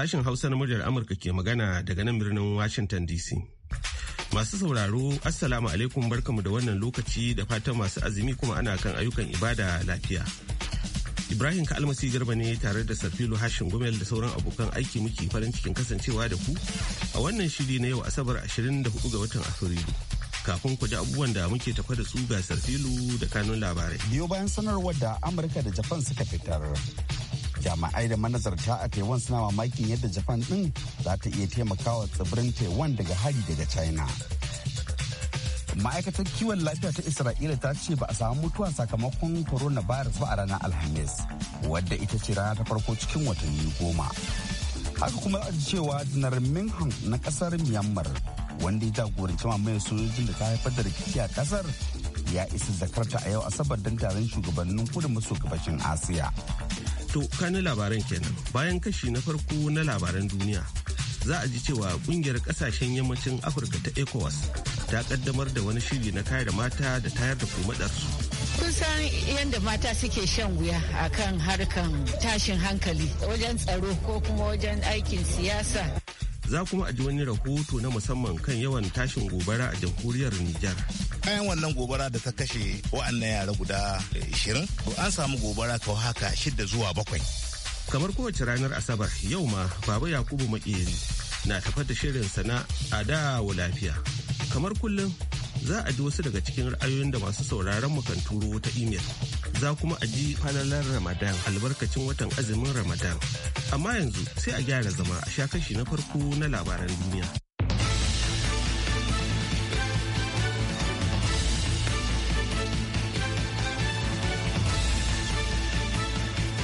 Sashen Hausa na muryar Amurka ke magana daga nan birnin Washington DC. Masu sauraro, Assalamu alaikum barkamu da wannan lokaci da fatan masu azumi kuma ana kan ayyukan ibada lafiya. Ibrahim Kalmasi Garba ne tare da Sarfilu Hashin Gumel da sauran abokan aiki muke farin cikin kasancewa da ku a wannan shiri na yau Asabar 24 ga watan Afrilu. Kafin ku ji abubuwan da muke tafa da su ga Sarfilu da kanun labarai. Biyo bayan sanarwar da Amurka da Japan suka fitar, jami'ai da manazarta a taiwan suna mamakin yadda japan din za ta iya taimakawa tsibirin taiwan daga hari daga china ma'aikatar kiwon lafiya ta isra'ila ta ce ba a samu mutuwa sakamakon coronavirus ba a ranar alhamis wadda ita ce rana ta farko cikin watanni goma haka kuma za cewa janar minhan na kasar myanmar wanda ya jagoranci mamaye sojojin da ta haifar da rikici a kasar ya isa zakarta a yau asabar don taron shugabannin kudu maso gabashin asiya To kanin labaran kenan bayan kashi na farko na labaran duniya za a ji cewa kungiyar kasashen yammacin Afirka ta ECOWAS ta kaddamar da wani shiri na kare mata da tayar da komadarsu. Kun san yadda mata suke shan wuya akan harkan tashin hankali wajen tsaro ko kuma wajen aikin siyasa. za kuma a ji wani rahoto na musamman kan yawan tashin gobara a jamhuriyar Nijar. Bayan wannan gobara da ta kashe wa'annan yara guda 20, an samu gobara kawai haka shidda zuwa bakwai. Kamar kowace ranar Asabar yau ma Baba Yakubu Makeri na tafata da shirin sana a dawo lafiya. Kamar kullum za a ji wasu daga cikin ra'ayoyin da masu sauraron mu kan turo ta imel za kuma a ji falalar ramadan albarkacin watan azumin ramadan amma yanzu sai a gyara zama a sha kashi na farko na labaran duniya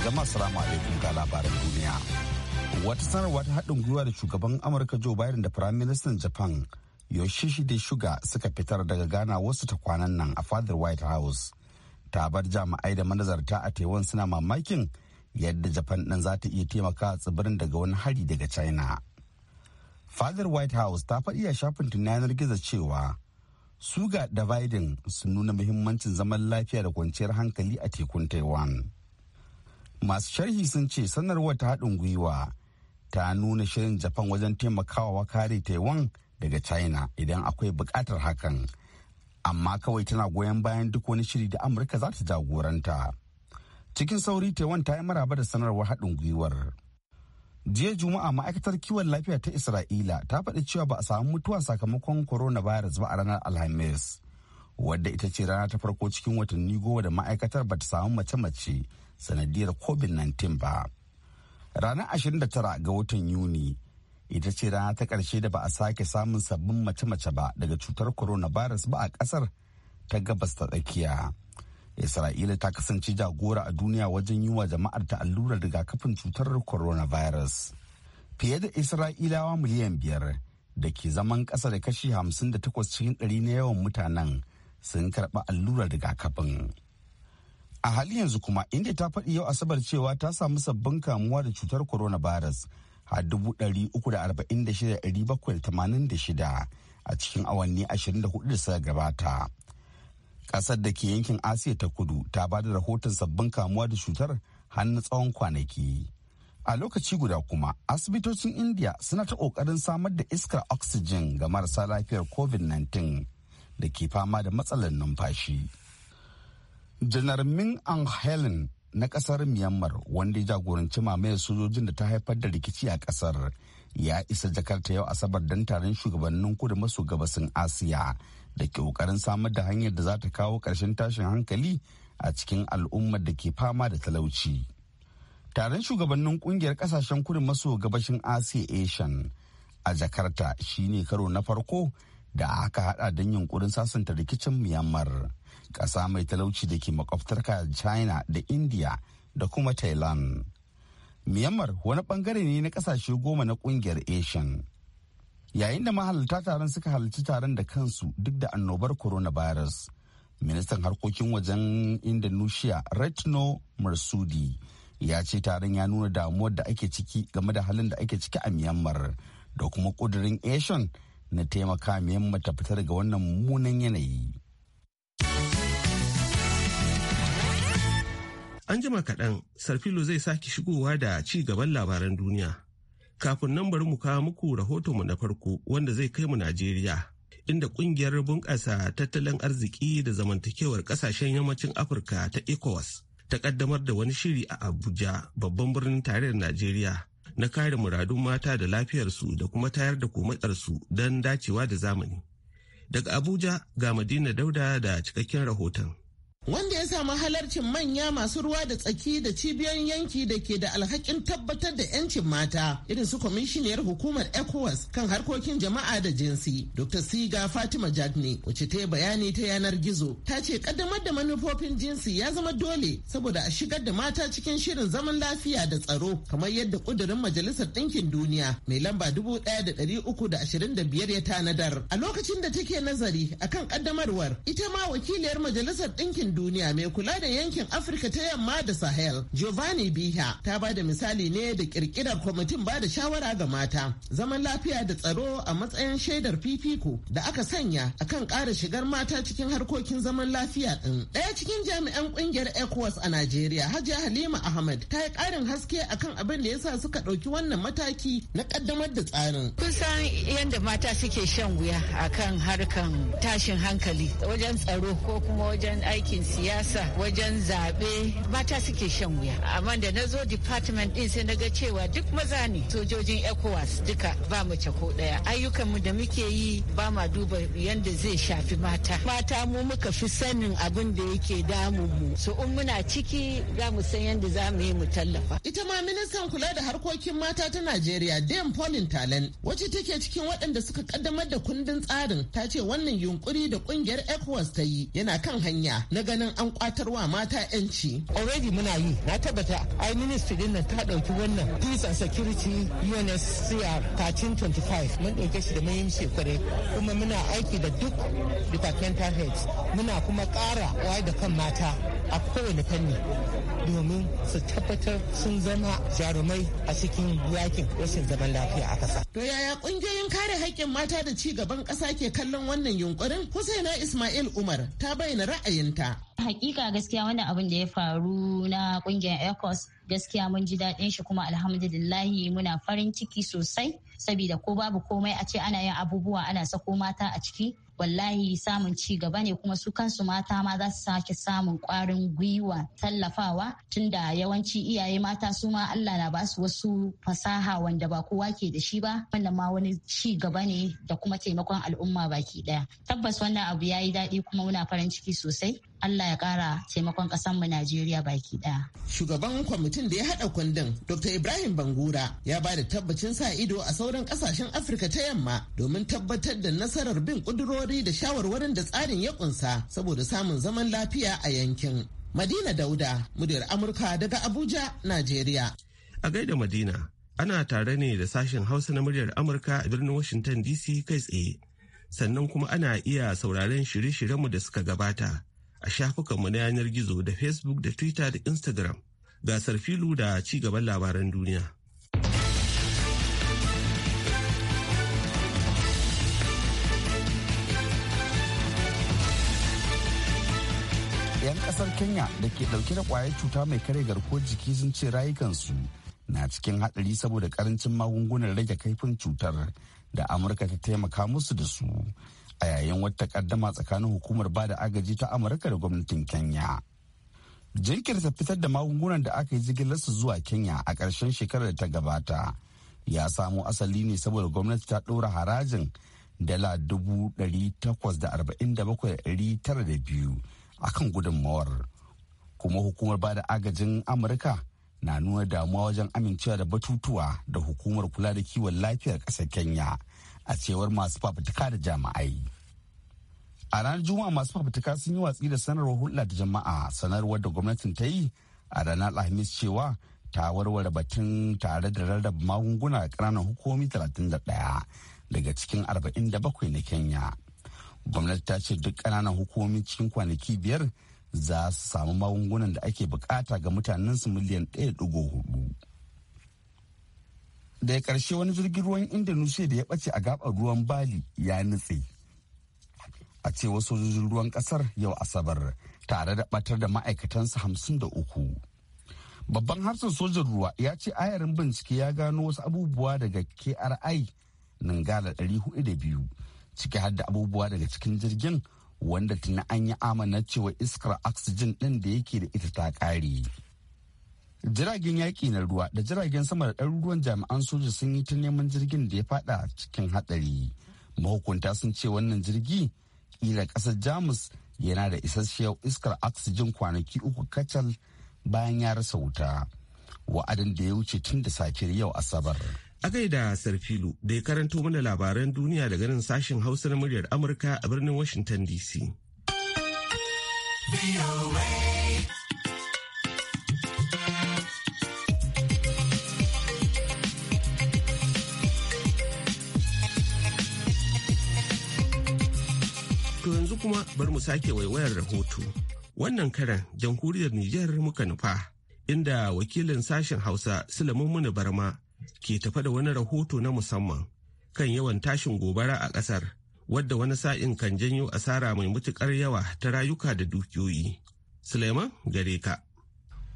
jama'a salamu alaikum ga labaran duniya wata sanarwa ta haɗin gwiwa da shugaban amurka joe biden da firaministan japan Yoshihide Shuga suka fitar daga Ghana wasu ta kwanan nan a fadar White House. Ta bar jami'ai da manazarta a Taiwan suna mamakin yadda Japan ɗin za ta iya taimaka tsibirin daga wani hari daga China. Fadar White House ta faɗi a shafin yanar gizo cewa Suga da Biden sun nuna muhimmancin zaman lafiya da kwanciyar hankali a tekun Taiwan. Masu sharhi sun ce sanarwar ta haɗin gwiwa ta nuna shirin Japan wajen taimakawa kare Taiwan daga china idan akwai bukatar hakan amma kawai tana goyon bayan duk wani shiri da amurka za ta jagoranta cikin sauri taiwan ta yi maraba da sanarwar haɗin gwiwar jiya juma'a ma'aikatar kiwon lafiya ta isra'ila ta faɗi cewa ba a samu mutuwa sakamakon corona virus ba a ranar alhamis wadda ita ce rana ta farko cikin watanni goma da ma'aikatar ba ta samu mace-mace sanadiyar covid-19 ba ranar 29 ga watan yuni ita ce rana ta ƙarshe da ba a sake samun sabbin mace-mace ba daga cutar coronavirus ba a ƙasar ta gabas ta tsakiya. Isra'ila ta kasance jagora a duniya wajen yi wa jama'ar ta allurar rigakafin cutar coronavirus. Fiye da Isra'ilawa miliyan biyar da ke zaman ƙasa da kashi hamsin da takwas cikin ɗari na yawan mutanen sun karɓi allurar rigakafin. A hali yanzu kuma, inda ta faɗi yau Asabar cewa ta samu sabbin kamuwa da cutar coronavirus a 346,786 a cikin awanni 24 da suka gabata. Kasar da ke yankin Asiya ta kudu ta ba da rahoton sabbin kamuwa da cutar har tsawon kwanaki. A lokaci guda kuma, asibitocin India suna ta ƙoƙarin samar da iskar oxygen ga marasa lafiyar COVID-19 da ke fama da matsalar numfashi. Janar Min Ang Helen na kasar myanmar wanda ya jagoranci mamayar sojojin da ta haifar da rikici a kasar ya isa jakarta yau asabar don taron shugabannin kudu maso gabasin asiya da ke kokarin samar da hanyar da za ta kawo ƙarshen tashin hankali a cikin al'ummar da ke fama da talauci taron shugabannin kungiyar kasashen kudu maso gabashin asiya asian a jakarta shine karo na farko da aka haɗa don yunkurin sasanta rikicin myanmar ƙasa mai talauci da ke makwabtarka china da india da kuma thailand myanmar wani bangare ne na kasashe goma na kungiyar asian yayin da mahalarta taron suka halarci taron da kansu duk da annobar coronavirus ministan harkokin wajen indonesia retno marsudi ya ce taron ya nuna damuwar da ake ciki game da halin da ake ciki a myanmar da kuma ƙudurin asian na taimaka myanmar ta fita daga wannan mummunan yanayi An jima kaɗan, Sarfilo zai sake shigowa da ci gaban labaran duniya. Kafin nan bari mu kawo muku rahotonmu na farko wanda zai kai mu Najeriya, inda ƙungiyar bunƙasa tattalin arziki da zamantakewar ƙasashen yammacin Afirka ta ECOWAS ta ƙaddamar da wani shiri a Abuja, babban birnin tarayyar Najeriya, na kare muradun mata da lafiyarsu da kuma tayar da komatsarsu don dacewa da zamani. Daga Abuja ga Madina Dauda da cikakken rahoton. wanda ya samu halarcin manya masu ruwa da tsaki da cibiyoyin yanki da ke da alhakin tabbatar da 'yancin mata irin su kwamishiniyar hukumar ecowas kan harkokin jama'a da jinsi dr siga fatima jagne wacce ta yi bayani ta yanar gizo ta ce kaddamar da manufofin jinsi ya zama dole saboda a shigar da mata cikin shirin zaman lafiya da tsaro kamar yadda kudurin majalisar ɗinkin duniya mai lamba dubu ɗaya da ɗari uku da ashirin da biyar ya tanadar a lokacin da take nazari akan kaddamarwar ita ma wakiliyar majalisar ɗinkin duniya mai kula da yankin Afirka ta yamma da Sahel, Giovanni Biha, ta ba da misali ne da kirkirar kwamitin ba da shawara ga mata, zaman lafiya da tsaro a matsayin shaidar fifiko da aka sanya akan ƙara shigar mata cikin harkokin zaman lafiya din. Ɗaya cikin jami'an ƙungiyar ECOWAS a Nigeria Hajiya Halima Ahmad, ta yi ƙarin haske akan abin da ya sa suka ɗauki wannan mataki na kaddamar da tsarin. Kusan yadda mata suke shan wuya akan harkan tashin hankali wajen tsaro ko kuma wajen aikin siyasa wajen zaɓe mata suke shan wuya amma da na zo department din sai na ga cewa duk maza ne sojojin ecowas duka ba mace ko ɗaya ayyukanmu da muke yi ba ma duba yadda zai shafi mata mata mu muka fi sanin abin da yake damu mu so in muna ciki za mu san yadda za mu yi mu tallafa ita ma ministan kula da harkokin mata ta najeriya dame pauline talen wacce take cikin waɗanda suka kaddamar da kundin tsarin ta ce wannan yunkuri da kungiyar ecowas ta yi yana kan hanya na ganin an kwatarwa mata yanci. Already muna yi, na tabbata ai ministry din ta dauki wannan peace and security UNSCR 1325 mun dauke shi da muhimmin kware kuma muna aiki da duk departmental heads muna kuma kara wayar da kan mata a kowane fanni domin su tabbatar sun zama jarumai a cikin yakin rashin zaman lafiya a ƙasa. To yaya ƙungiyoyin kare haƙƙin mata da ci gaban ƙasa ke kallon wannan yunkurin? Husaina Ismail Umar ta bayyana ra'ayinta. Hakika gaskiya wani abin da ya faru na kungiyar ECOS gaskiya mun ji daɗin shi kuma alhamdulillahi muna farin ciki sosai saboda ko babu komai a ce ana yin abubuwa ana sako mata a ciki wallahi samun ci gaba ne kuma su kansu mata ma za su sake samun kwarin gwiwa tallafawa tunda yawanci iyaye mata su ma Allah na ba su wasu fasaha wanda ba kowa ke da shi ba wannan ma wani ci gaba ne da kuma taimakon al'umma baki daya tabbas wannan abu yayi daɗi kuma muna farin ciki sosai Allah ya kara taimakon mu Najeriya baki ɗaya. Shugaban kwamitin da ya haɗa kundin Dr. Ibrahim Bangura ya ba da tabbacin sa ido a sauran ƙasashen Afirka ta yamma domin tabbatar da nasarar bin ƙudurori da shawarwarin da tsarin ya ƙunsa saboda samun zaman lafiya a yankin. Madina Dauda, muryar Amurka daga Abuja, Najeriya. A gaida Madina, ana tare ne da sashen Hausa na muryar Amurka a birnin Washington DC kai tsaye. Sannan kuma ana iya sauraren shirye-shiryenmu da suka gabata. a shafukanmu na yanar gizo da facebook da twitter da instagram gasar filu da ci gaban labaran duniya yan kasar kenya da ke dauke da kwayar cuta mai kare garkuwar jiki sun ce rayukansu na cikin hadari saboda karancin magungunan rage kaifin cutar da amurka ta taimaka musu da su a yayin wata kaddama tsakanin hukumar ba da agaji ta amurka da gwamnatin kenya jinkirta fitar da magungunan da aka yi jigilarsu zuwa kenya a ƙarshen shekarar da ta gabata ya samo asali ne saboda gwamnati ta ɗora harajin dala dubu ɗari ɗari takwas da da da arba'in bakwai tara biyu a kan gudunmawar kuma hukumar ba da agajin amurka na nuna damuwa wajen amincewa da batutuwa da hukumar kula da kiwon lafiyar ƙasar kenya a cewar masu fafutuka da jama'ai. a ranar juma'a masu fafutuka sun yi watsi da sanarwar hulɗa da jama'a sanarwar da gwamnatin ta yi a ranar alhamis cewa ta warware batun tare da rarraba magunguna a ƙananan hukumomi 31 daga cikin 47 na kenya gwamnati ta ce duk ƙananan hukumomi cikin kwanaki biyar za su samu magungunan da ake bukata ga mutanensu miliyan 1.4 daga ƙarshe wani jirgin ruwan indonesia da ya ɓace a gaɓar ruwan bali ya nutse a wasu sojojin ruwan ƙasar yau asabar tare da ɓatar da ma'aikatansa hamsin da uku babban harsun sojan ruwa ya ce ayarin bincike ya gano wasu abubuwa daga kri ningala 402 ciki har da abubuwa daga cikin jirgin wanda tuni an yi amana cewa iskar oxygen ɗin da yake da ita ta ƙare. jiragen yaƙi na ruwa da jiragen sama da ɗaruruwan jami'an soja sun yi ta neman jirgin da ya fada cikin hatsari mahukunta sun ce wannan jirgi ƙila ƙasar jamus yana da isasshiyar iskar oxygen kwanaki uku kacal bayan ya rasa wuta wa'adin da ya wuce tun da safiyar yau asabar a gaida sarfilu da ya karanto mana labaran duniya daga nan sashen hausa na muryar amurka a birnin washington dc kuma bar mu sake waiwayar rahoto. Wannan karan jamhuriyar Nijar muka nufa, inda wakilin sashen Hausa Sulaiman Muni Barma ke tafa da wani rahoto na musamman kan yawan tashin gobara a ƙasar, wadda wani sa'in kan janyo asara mai matuƙar yawa ta rayuka da dukiyoyi. Sulaiman gare ka.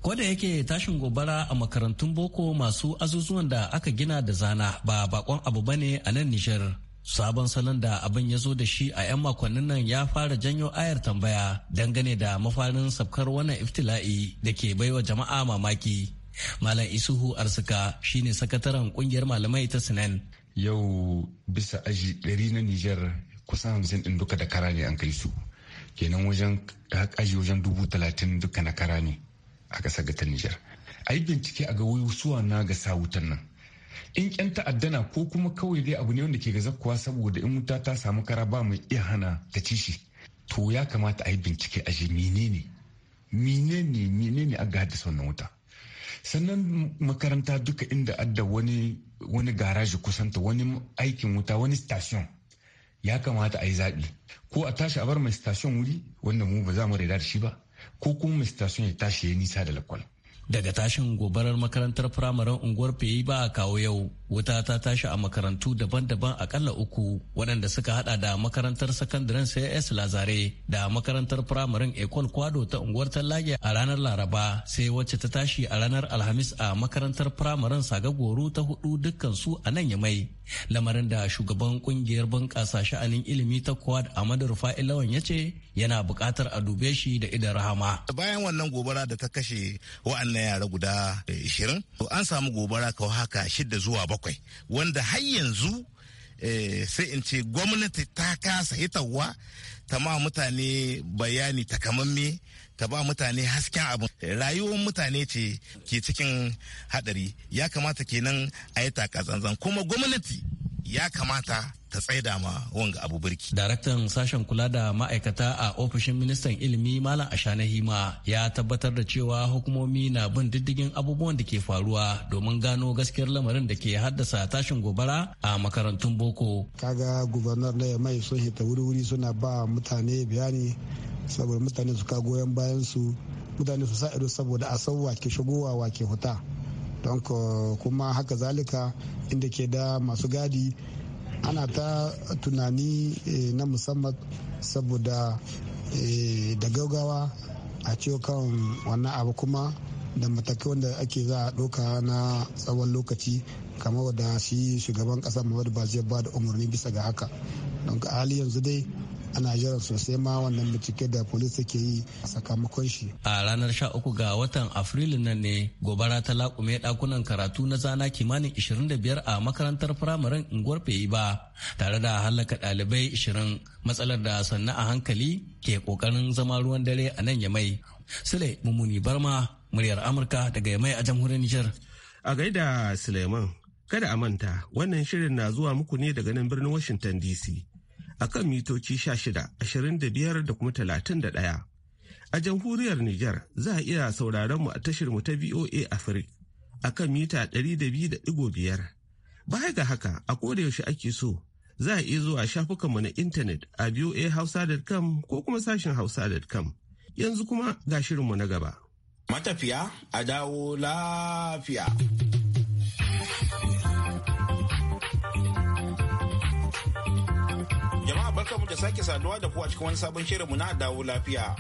da yake tashin gobara a makarantun boko masu azuzuwan da aka gina da zana ba bakon abu bane a nan Nijar. Sabon salon da abin ya zo da shi a 'yan makonnin nan ya fara janyo ayar tambaya dangane da mafarin sabkar wannan iftila'i da ke baiwa jama'a mamaki. Malam Isuhu Arsika shine sakataren kungiyar malamai ta Sinan. Yau bisa aji ɗari na Nijar kusan hamsin ɗin duka da kara ne an kai su. Kenan wajen aji wajen dubu talatin duka na kara ne a ƙasar ta Nijar. A yi bincike a ga suwa na ga sa wutan nan. in yan ta'adda na ko kuma kawai dai abu ne wanda ke gazakkuwa saboda in wuta ta samu kara ba mu iya hana ta ci shi to ya kamata a yi bincike a shi menene menene menene a ga haddasa wannan wuta sannan makaranta duka inda adda wani wani garaji kusanta wani aikin wuta wani station ya kamata a yi zaɓi ko a tashi a bar mai station wuri wanda mu ba za mu da shi ba ko kuma mai station ya tashi ya nisa da lakwal daga tashin gobarar makarantar firamaren unguwar ba a kawo yau wuta ta tashi a makarantu daban-daban akalla uku waɗanda suka hada da makarantar sakandaren cs lazare da makarantar firamarin ecol kwado ta unguwar tallage a ranar laraba sai wacce ta tashi a ranar alhamis a makarantar firamarin sagagoro ta hudu dukkan su a nan yamai lamarin da shugaban kungiyar bunƙasa sha'anin ilimi ta kwad amadu rufa'i lawan ya ce yana buƙatar a dube shi da idan rahama bayan wannan gobara da ta kashe wa'annan yara guda 20 an samu gobara kawai haka shidda zuwa bakwai bakwai wanda har yanzu eh, sai in ce gwamnati ta kasa hitarwa ta ma mutane bayani takamamme ta ba mutane hasken abu rayuwar mutane ce ke cikin hadari ya kamata kenan a yi takatsantsan kuma gwamnati ya kamata ta tsaida ma wanga abu birki. Daraktan sashen kula da ma'aikata a ofishin ministan ilimi Malam Ashana Hima ya tabbatar da cewa hukumomi na bin diddigin abubuwan da ke faruwa domin gano gaskiyar lamarin da ke haddasa tashin gobara a makarantun boko. Kaga gubernar da mai sun hita wuri-wuri suna ba mutane bayani saboda mutane su ka goyon bayan su mutane su sa ido saboda a sauwa ke shigowa wa ke huta. don kuma haka zalika inda ke da masu gadi ana ta tunani eh, na musamman saboda eh, da gaugawa a ciwo kan wannan abu kuma da matakai wanda ake za a ɗauka na tsawon lokaci kamar da shi shugaban ƙasa muhammadu zai ba da umarni bisa ga haka hali yanzu dai ana jira sosai ma wannan bincike da polis take yi sakamakon shi a ranar 13 ga watan afrilu nan ne gobara ta lakume dakunan karatu na zana kimanin 25 a makarantar firamaren unguwar ba tare da halaka ɗalibai 20 matsalar da sannu a hankali ke kokarin zama ruwan dare a nan yamai sule mummuni barma muryar amurka daga yamai a jamhuriyar nijar a gaida suleiman kada a manta wannan shirin na zuwa muku ne daga nan birnin washington dc akan mitoci 16, ashirin da kuma 31. A jamhuriyar Nijar za a iya sauraron mu a tashar mu ta VOA Africa akan mita 200.5. Baya ga haka a koda yaushe ake so za a iya zuwa shafukanmu na intanet a voahausa.com ko kuma sashin hausa.com. Yanzu kuma ga shirinmu na gaba. Matafiya a dawo lafiya. barkamu da sake saduwa da ku a cikin wani sabon shirinmu na dawo lafiya.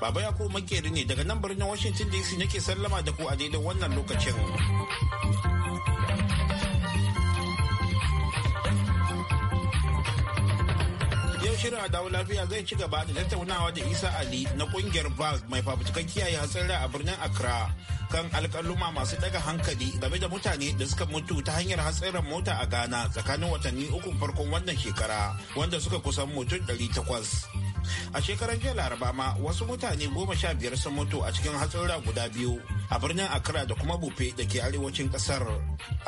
Baba ya kuma makeri ne daga nan birnin Washington DC nake sallama da ku a daidai wannan lokacin. Yau shirin a dawo lafiya zai ci gaba da tattaunawa da Isa Ali na kungiyar VAL mai fafutukan kiyaye hatsarin a birnin Accra kan alkaluma masu daga hankali game da mutane da suka mutu ta hanyar hatsarin mota a Ghana tsakanin watanni ukun farkon wannan shekara wanda suka kusan mutum 800. A shekarar jiya Laraba ma wasu mutane goma sha biyar sun mutu a cikin hatsura guda biyu a birnin Accra da kuma Bufe da ke arewacin kasar.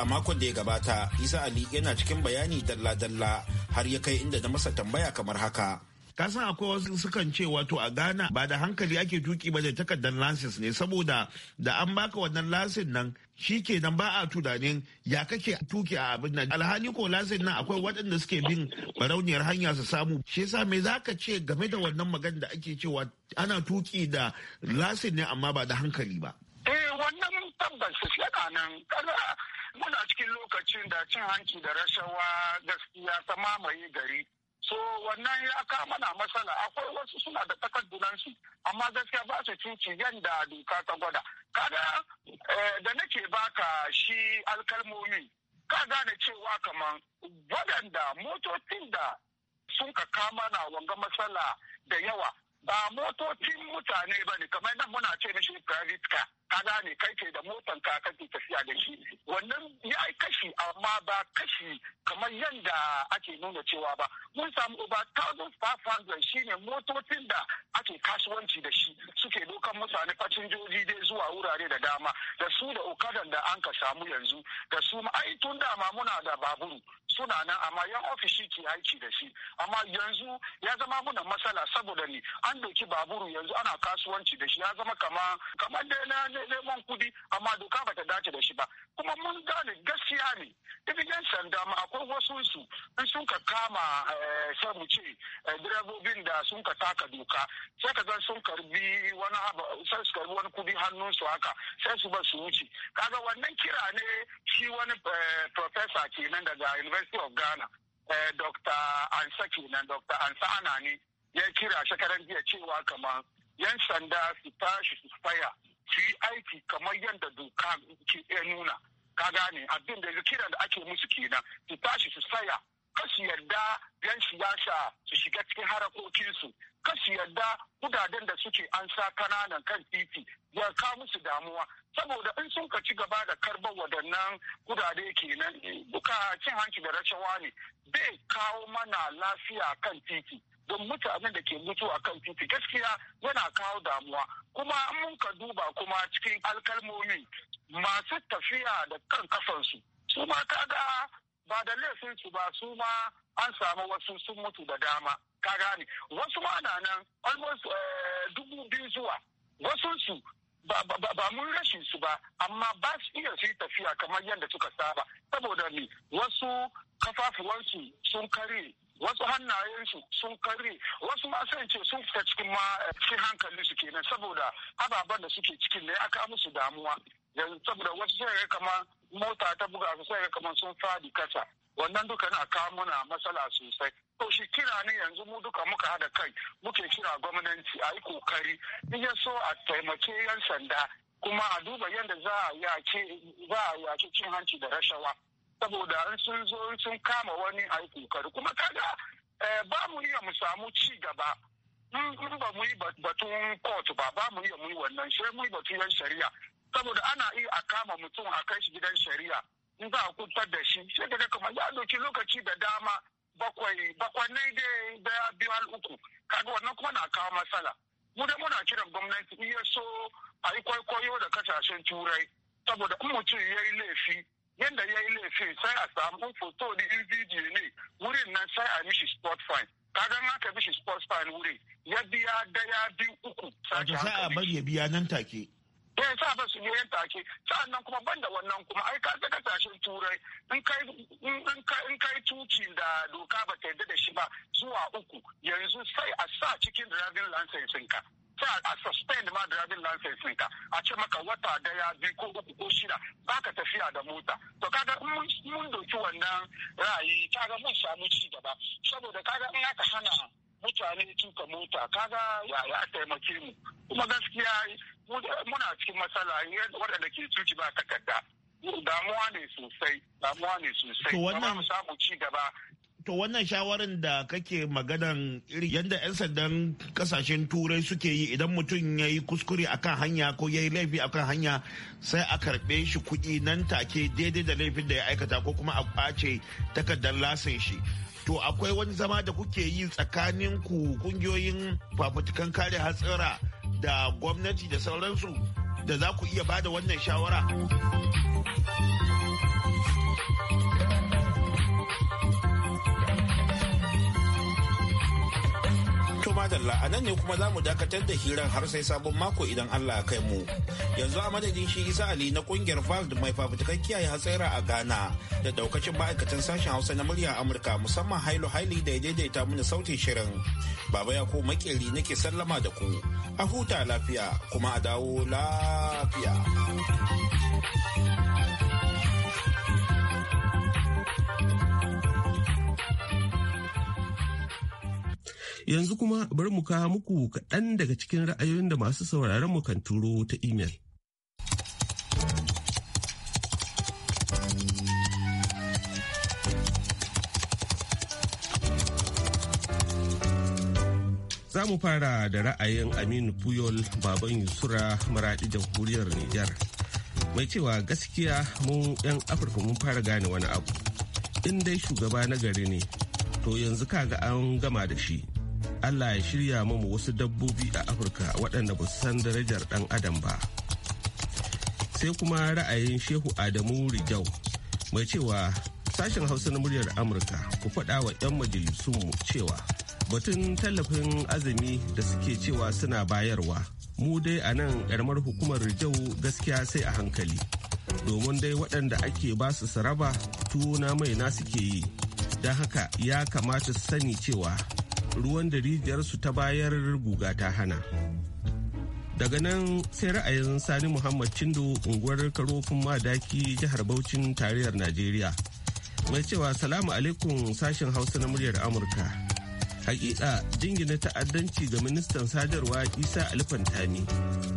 A makon da ya gabata, Isa Ali yana cikin bayani dalla-dalla har ya kai inda da masa tambaya kamar haka. kasan akwai wasu sukan ce wato a ghana ba da hankali ake tuki ba da takardar lansis ne saboda da an baka wannan lansin nan shi ke nan ba a tunanin ya kake tuki a abin nan alhali ko lansin nan akwai waɗanda suke bin barauniyar hanya su samu shi yasa me za ka ce game da wannan magana da ake cewa ana tuki da lansin ne amma ba da hankali ba eh wannan tabbas yana nan muna cikin lokacin da cin hanci da rashawa gaskiya ta mamaye gari so wannan ya kama na matsala akwai wasu suna da takardunansu amma gaskiya ba su cuci yadda doka ta gwada kada eh, da nake baka shi alkalmomi ka gane cewa kaman waɗanda motocin da sun ka kama na wanga matsala da yawa ba motocin mutane ba ne kamar nan muna ce mishi private car ka gane kai ke da motan ka kake tafiya da shi wannan ya yi kashi amma ba kashi kamar yadda ake nuna cewa ba mun samu uba thousand five hundred shi ne motocin da ake kasuwanci da shi suke dokan mutane fasinjoji dai zuwa wurare da dama da su da okadan da an ka samu yanzu da su ai tun dama muna da baburu suna nan amma yan ofishi ke aiki da shi amma yanzu ya zama muna matsala saboda ni an doki baburu yanzu ana kasuwanci da shi ya zama kamar kamar dai na zai neman kudi amma doka bata dace da shi ba kuma mun gane gaskiya ne idan yan sanda ma akwai wasu su in sun ka kama eh, sai mu ce eh, direbobin da sun ka taka doka sai ka zan sun karbi wani haba sai su karbi wani kudi hannun su haka sai su ba su wuce kaga wannan kira ne shi wani eh, professor kenan daga University of Ghana Dr. Ansa kenan Dr. Ansa Anani ya kira shekaran jiya cewa kamar yan sanda su tashi su faya su yi aiki kamar yadda doka ke iya nuna ka gane abin da kiran da ake musu kenan su tashi su saya kasu yarda yan siyasa su shiga cikin harakokinsu kasu yarda kudaden da suke an sa kananan kan titi ya ka musu damuwa saboda in sun ka ci gaba da karɓar waɗannan kudade kenan duka cin hanci da rashawa ne bai kawo mana lafiya kan titi don mutanen da ke mutu a kan titi gaskiya yana kawo damuwa kuma mun ka duba kuma cikin alkalmomi masu tafiya da kan kafansu su ma kaga ba da laifin ba su ma an samu wasu sun mutu da dama ka gane wasu ma na nan almost eh, dubu biyu zuwa wasu su ba mun rashin su ba amma ba su iya su tafiya kamar yadda suka saba saboda ni wasu kafafuwansu sun kare wasu hannayensu sun karye wasu ma sai ce sun fita cikin ma eh, cikin hankali su kenan saboda ababen da suke cikin ne aka musu damuwa yanzu saboda wasu sai ga kamar mota ta buga su sai ga kamar sun fadi kasa wannan duka na kawo muna matsala sosai to shi kira ne yanzu mu duka muka hada kai muke kira gwamnati a yi kokari in ya so a taimake yan sanda kuma a duba yadda za a yaki cin hanci da rashawa saboda an sun zo sun kama wani a yi kokari kuma kaga eh, ba mu iya mu samu ci gaba in ba mu yi batun court ba ba mu iya mu yi wannan sai mu yi batun yan shari'a saboda ana iya a kama mutum a kai shi gidan shari'a in za a kuntar da shi sai kaga kamar ya doki lokaci da dama bakwai bakwai ne dai biyu al uku kaga wannan kuma na kawo matsala mu da muna kiran gwamnati iya so a yi kwaikwayo da kasashen turai saboda in mutum ya yi laifi yadda ya yi laifin sai a samu foto da in bidiyo ne wurin nan sai a mishi sport fine kaga na ka mishi sport fine wurin ya biya daya biyu uku sake sai a bari ya biya nan take eh sa ba su biyan take nan kuma banda wannan kuma ai ka ga kasashen turai in kai in kai in kai tuci da doka ba ta yarda da shi ba zuwa uku yanzu sai a sa cikin driving license ka sa a suspend ma driving license ɗinka a ce maka wata daya biyu ko uku ko shida ba ka tafiya da mota to kaga mun doki wannan ra'ayi kaga mun samu ci gaba saboda kaga in aka hana mutane tuka mota kaga ya ya taimake mu kuma gaskiya muna cikin matsala waɗanda ke tuki ba takarda damuwa ne sosai damuwa ne sosai kuma mu samu ci gaba to wannan shawarar da kake maganan yadda 'yan sandan kasashen turai suke yi idan mutum ya yi kuskure akan hanya ko ya yi laifi akan hanya sai a karɓe shi kuɗi nan take daidai da laifin da ya aikata ko kuma a ɓace takardar lasin shi to akwai wani zama da kuke yi tsakanin ku kungiyoyin fafutukan kare hatsira da gwamnati da sauransu da za ku iya bada wannan shawara. madalla a nan ne kuma za mu dakatar da hirar har sai sabon mako idan Allah ya kai mu. Yanzu a madadin shi Isa Ali na kungiyar VALD mai fafutukan kiyaye hatsaira a Ghana da daukacin ma'aikatan sashen Hausa na murya Amurka musamman Hailu Haili da ya daidaita mini sautin shirin. Baba ya ko makeri nake sallama da ku. A huta lafiya kuma a dawo lafiya. Yanzu kuma bari mu kawo muku kaɗan daga cikin ra'ayoyin da masu sauraron mu kan turo ta imel. Za mu fara da ra'ayin Aminu Puyol baban Yusura maraɗi jamhuriyar Nijar. Mai cewa gaskiya mun 'yan Afirka mun fara gane wani abu. In dai shugaba na gari ne, to yanzu kaga an gama da shi. Allah ya shirya mu wasu dabbobi a Afirka waɗanda ba su san darajar ɗan adam ba. Sai kuma ra'ayin Shehu Adamu Rijau mai cewa sashen Hausa na muryar Amurka ku faɗa wa 'yan mu cewa batun tallafin azumi da suke cewa suna bayarwa mu dai a nan ƙaramar hukumar Rijau gaskiya sai a hankali domin dai waɗanda ake ba su saraba tuwo na mai na suke yi don haka ya kamata su sani cewa ruwan da rijiyarsu ta bayar guga ta hana daga nan sai ra'ayin sani muhammad cindo unguwar karofin madaki jihar Bauchin tarayyar najeriya mai cewa salamu alaikum sashen hausa na muryar amurka hakika jingina ta'addanci ga ministan sadarwa isa alfantami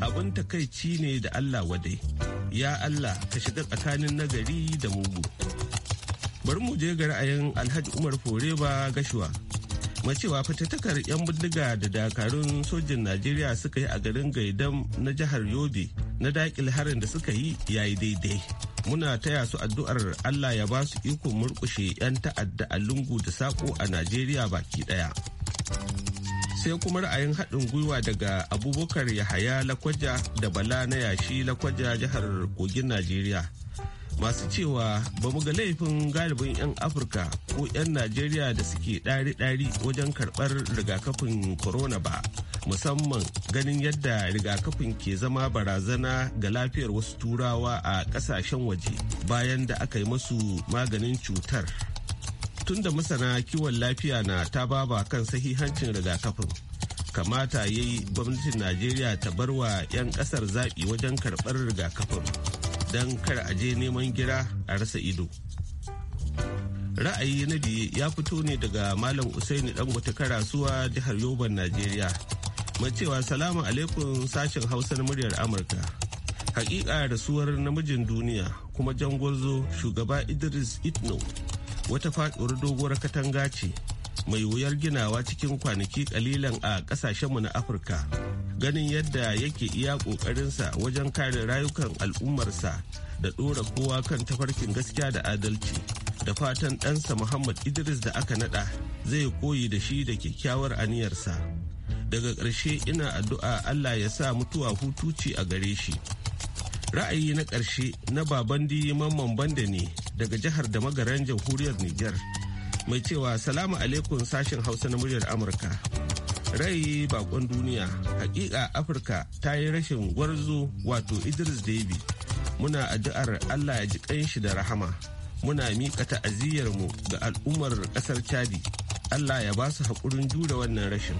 abin takaici ne da allah wadai ya allah ka shiga tsakanin nagari da mugu bari mu je ga ra'ayin alhaji umar foreba gashuwa kuma cewa fatattakar 'yan bindiga da dakarun sojin najeriya suka yi a garin gaidam na jihar yobe na dakil harin da suka yi ya yi daidai muna taya su addu'ar allah ya ba su iko murkushe 'yan ta'adda a lungu da sako a najeriya baki daya sai kuma ra'ayin haɗin gwiwa daga abubakar yahaya lakwaja da bala na yashi lakwaja jihar kogin najeriya masu cewa ba mu ga laifin galibin 'yan afirka ko 'yan najeriya da suke ɗari-ɗari wajen karɓar rigakafin corona ba musamman ganin yadda rigakafin ke zama barazana ga lafiyar wasu turawa a ƙasashen waje bayan da aka yi masu maganin cutar tun da masana kiwon lafiya na ta baba kan sahihancin rigakafin kamata yayi gwamnatin najeriya ta barwa 'yan ƙasar zaɓi wajen karɓar rigakafin don kar a je neman gira a rasa ido ra'ayi na biye ya fito ne daga malam usaini dan wata karasuwa jihar yoban najeriya mai cewa salamu alaikum sashen hausa na muryar amurka hakika rasuwar namijin duniya kuma jangwarzo shugaba idris itno wata faɗuwar doguwar katanga ce mai wuyar ginawa cikin kwanaki kalilan a ƙasashenmu na afirka ganin yadda yake iya ƙoƙarinsa wajen kare rayukan al'ummarsa da ɗora kowa kan tafarkin gaskiya da adalci da fatan ɗansa muhammad idris da aka naɗa zai koyi da shi da kyakkyawar aniyarsa daga ƙarshe ina addu'a allah ya sa mutuwa hutu ce a gare shi ra'ayi na ƙarshe na babandi mamman banda ne daga jihar da magaran jamhuriyar niger mai cewa salamu alaikum sashen hausa na muryar amurka rai bakon duniya hakika afirka ta yi rashin gwarzo wato idris debi muna addu'ar allah ya ji shi da rahama muna miƙa ta'aziyyarmu ga al'ummar ƙasar chadi allah ya ba su haƙurin jure wannan rashin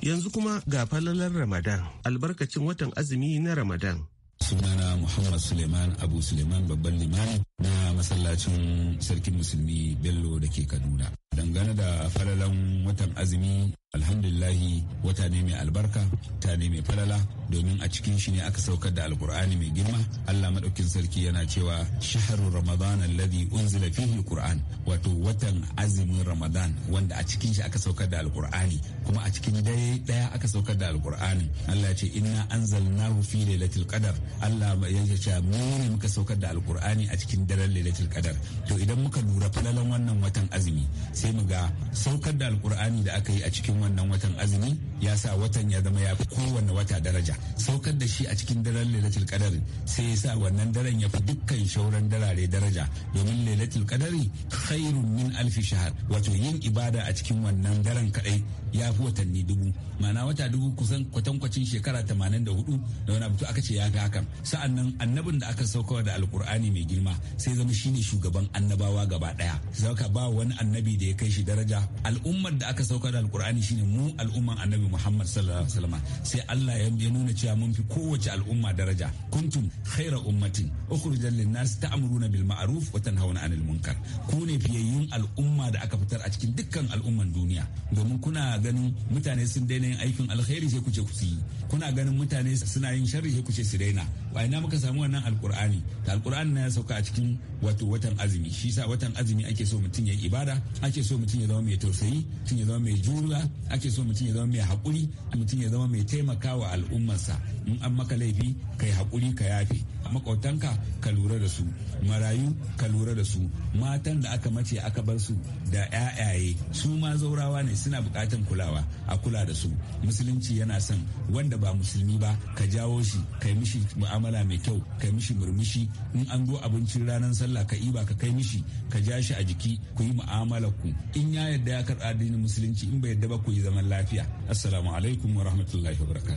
yanzu kuma ga falalar ramadan albarkacin watan azumi na ramadan sunana muhammad suleiman abu suleiman babban limami na masallacin sarkin musulmi bello da ke kaduna dangane da falalan watan azumi alhamdulillahi wata ne mai albarka ta ne mai falala domin a cikin shi ne aka saukar da alkur'ani mai girma allah maɗaukin sarki yana cewa shaharu ramadan alladhi unzila fihi alquran wato watan azumin ramadan wanda a cikin shi aka saukar da alkur'ani kuma a cikin dare daya aka saukar da alkur'ani allah ce inna anzalnahu fi lailatul qadar allah ya ce mu ne muka saukar da alkur'ani a cikin daren lailatul qadar to idan muka lura falalan wannan watan azumi sai mu ga saukar da alkur'ani da aka yi a cikin wannan watan azumi ya sa watan ya zama ya fi kowanne wata daraja saukar da shi a cikin daren lailatul qadari sai ya sa wannan daren ya fi dukkan shauran darare daraja domin lailatul qadari khairun min alfi shahar wato yin ibada a cikin wannan daren kadai ya fi watanni dubu ma'ana wata dubu kusan kwatankwacin shekara tamanin da hudu da wani abu aka ce ya fi hakan sa'an nan annabin da aka saukar da alkur'ani mai girma sai zama shi ne shugaban annabawa gaba daya zaka ba wani annabi da ya kai shi daraja al'ummar da aka sauka da alkur'ani shine mu al'umman annabi muhammad sallallahu alaihi wasallam sai allah ya nuna cewa mun fi kowace al'umma daraja kuntum khaira ummatin ukhrijal linnas ta'muruna bil ma'ruf wa tanhauna 'anil munkar ku ne fiyayyun al'umma da aka fitar a cikin dukkan al'umman duniya domin kuna ganin mutane sun daina yin aikin alkhairi sai ku ce ku yi kuna ganin mutane suna yin sharri sai ku ce su daina ba ina muka samu wannan alkur'ani da alkur'ani na ya sauka a cikin wato watan azumi shi sa watan azumi ake so mutum ya ibada ake so mutum ya zama mai tausayi mutum ya zama mai juriya ake so mutum ya zama mai hakuri mutum ya zama mai taimakawa al'ummarsa in an maka laifi kai hakuri ka yafe makwautanka ka lura da su marayu ka lura da su matan da aka mace aka bar su da 'ya'yaye su ma zaurawa ne suna buƙatan kulawa a kula da su musulunci yana son wanda ba musulmi ba ka jawo shi kai mishi mu'amala mu'amala mai kyau kai mishi murmushi in an zo abincin ranar sallah ka iba ka kai mishi ka ja shi a jiki ku yi mu'amala ku in ya yarda ya karɓa addinin musulunci in bai yarda ba ku yi zaman lafiya assalamu alaikum wa rahmatullahi wa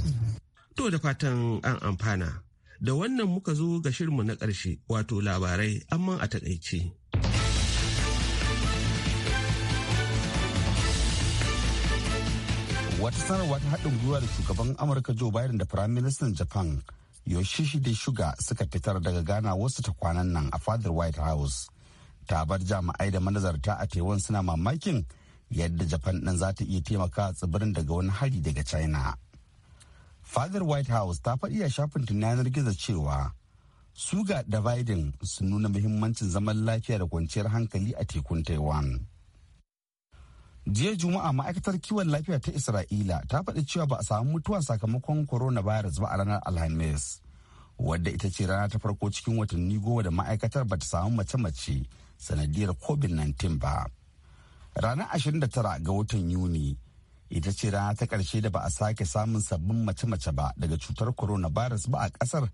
to da fatan an amfana da wannan muka zo ga shirinmu na ƙarshe wato labarai amma a taƙaice. Wata sanarwa ta haɗin gwiwa da shugaban Amurka Joe Biden da firaministan Japan Yoshihide Shuga suka fitar daga gana wasu ta kwanan nan a fadar White House. Ta bar jami'ai da manazarta a Taiwan suna mamakin yadda Japan ɗin za ta iya taimaka tsibirin daga wani hari daga China. Fadar White House ta faɗi a shafin yanar gizo cewa Suga da Biden sun nuna muhimmancin zaman lafiya da kwanciyar hankali a tekun Taiwan. jiya juma'a ma'aikatar kiwon lafiya ta isra'ila ta faɗi cewa ba a samu mutuwa sakamakon corona virus ba a ranar alhamis wadda ita ce rana ta farko cikin watanni goma da ma'aikatar ba ta samu mace-mace sanadiyar covid-19 ba ranar 29 ga watan yuni ita ce rana ta ƙarshe da ba a sake samun sabbin mace-mace ba daga cutar corona virus ba a ƙasar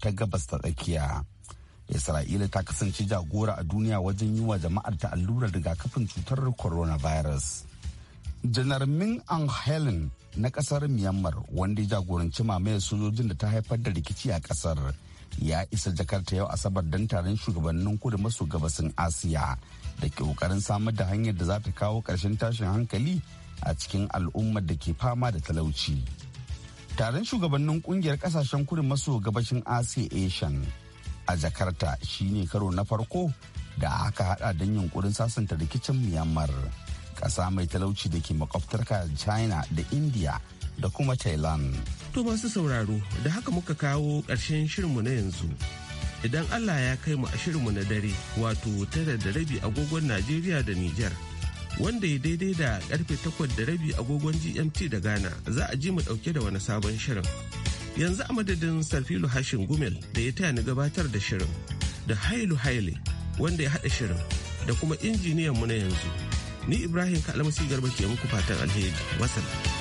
ta gabas ta tsakiya Isra'ila ta kasance jagora a duniya wajen yi wa jama'ar ta allurar rigakafin cutar coronavirus. janar min an helen na kasar myanmar wanda ya jagoranci mamayar sojojin da ta haifar da rikici a kasar ya isa jakarta yau asabar don taron shugabannin kudu maso gabasin asiya da ke kokarin samar da hanyar da za ta kawo karshen tashin hankali a cikin al'ummar da ke fama da talauci taron shugabannin kungiyar kasashen kudu maso gabashin asiya asian a jakarta shine karo na farko da aka hada don yunkurin sasanta rikicin myanmar kasa mai talauci da ke makwabtarka china da india da kuma thailand to masu sauraro da haka muka kawo ƙarshen shirinmu na yanzu idan allah ya kai mu a shirinmu na dare wato tara da rabi agogon najeriya da niger wanda ya daidai da karfe takwas da rabi agogon gmt da ghana za a ji mu dauke da wani sabon shirin yanzu a madadin salfilu hashin gumel da ya taya ni gabatar da shirin da hailu haile wanda ya haɗa shirin da kuma injiniyan mu na yanzu ni ibrahim kalamasi garba ke muku fatan alheri wasalam